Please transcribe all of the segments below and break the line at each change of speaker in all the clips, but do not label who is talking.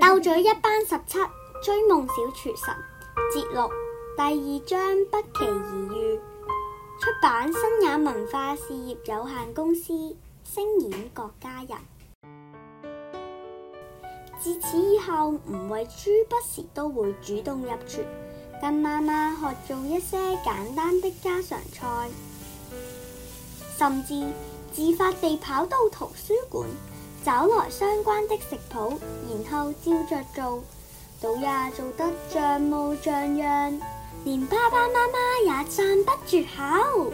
鬥嘴一班十七，追夢小廚神，節錄，第二章不期而遇，出版，新雅文化事業有限公司，聲演郭嘉悠。自此以後，吳慧珠不時都會主動入廚，跟媽媽學做一些簡單的家常菜，甚至自發地跑到圖書館。找來相關的食譜，然後照着做，倒也做得像模像樣，連爸爸媽媽也贊不絕口。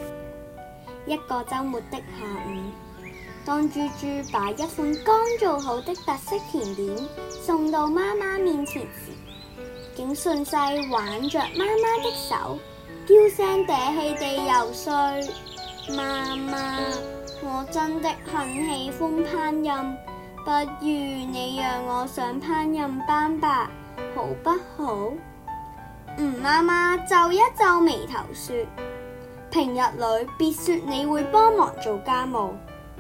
一個周末的下午，當豬豬把一份剛做好的特色甜點送到媽媽面前時，竟順勢挽着媽媽的手，嬌聲嗲氣地游說：媽媽，我真的很喜歡烹飪。不如你讓我上烹飪班吧，好不好？吳媽媽皺一皺眉頭說：平日裏別說你會幫忙做家務，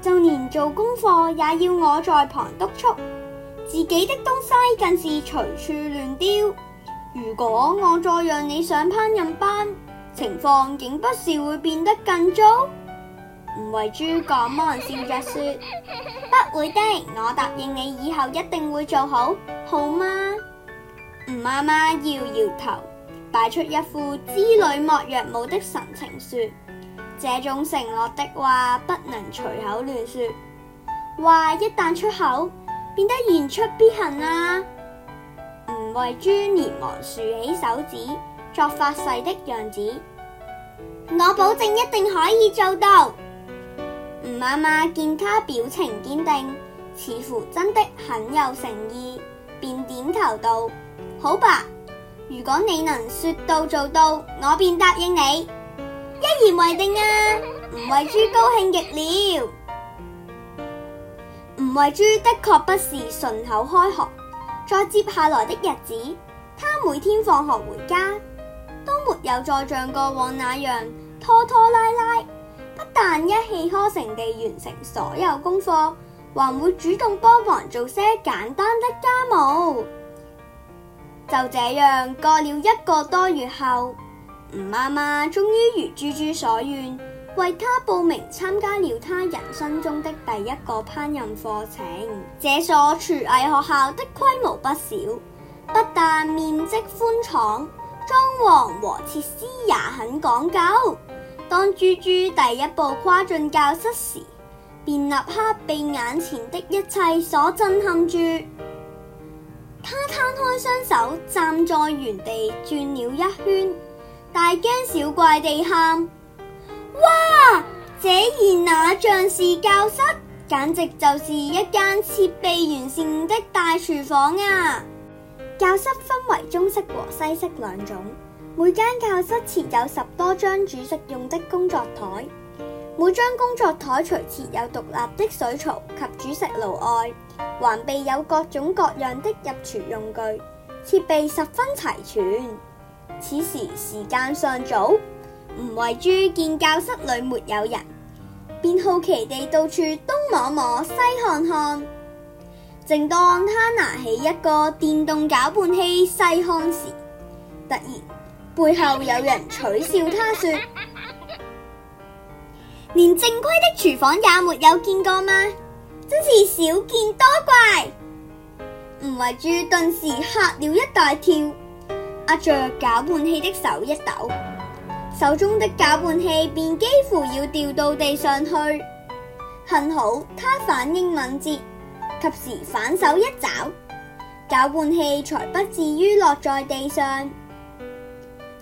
就連做功課也要我在旁督促，自己的東西更是隨處亂丟。如果我再讓你上烹飪班，情況竟不是會變得更糟？吳慧珠趕忙笑着說：「不會的，我答應你，以後一定會做好，好嗎？吳媽媽搖搖頭，擺出一副知女莫若母的神情說：「這種承諾的話不能隨口亂說，話一旦出口，變得言出必行啊！」吳慧珠連忙豎起手指，作發誓的樣子：「我保證一定可以做到。吳媽媽見他表情堅定，似乎真的很有誠意，便點頭道：好吧，如果你能說到做到，我便答應你。一言為定啊！吳慧珠高興極了。吳慧珠的確不是順口開河，在接下來的日子，她每天放學回家都沒有再像過往那樣拖拖拉拉。但一氣呵成地完成所有功課，還會主動幫忙做些簡單的家務。就這樣過了一個多月後，吳媽媽終於如珠珠所願，為他報名參加了他人生中的第一個烹飪課程。這所廚藝學校的規模不小，不但面積寬敞，裝潢和設施也很講究。當豬豬第一步跨進教室時，便立刻被眼前的一切所震撼住。他攤開雙手，站在原地轉了一圈，大驚小怪地喊：哇！這兒哪像是教室？簡直就是一間設備完善的大廚房啊！教室分為中式和西式兩種。每間教室設有十多張煮食用的工作台，每張工作台除設有獨立的水槽及煮食爐外，還備有各種各樣的入廚用具，設備十分齊全。此時時間尚早，吳慧珠見教室裏沒有人，便好奇地到處東摸摸、西看看。正當他拿起一個電動攪拌器西看時，突然。背後有人取笑他說： 連正規的廚房也沒有見過嗎？真是少見多怪。吳慧珠頓時嚇了一大跳，握着攪拌器的手一抖，手中的攪拌器便幾乎要掉到地上去。幸好他反應敏捷，及時反手一抓，攪拌器才不至於落在地上。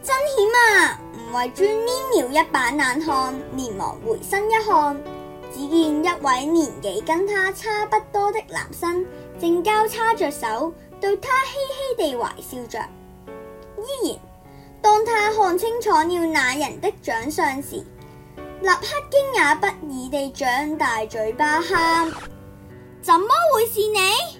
真險啊！吳慧珠捏了一把冷汗，連忙回身一看，只見一位年紀跟他差不多的男生正交叉着手，對他嘻嘻地壞笑着。依然，當他看清楚了那人的長相時，立刻驚訝不已地張大嘴巴喊：怎麼會是你？